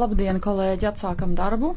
Labdien, kolēģi! Atsākam darbu!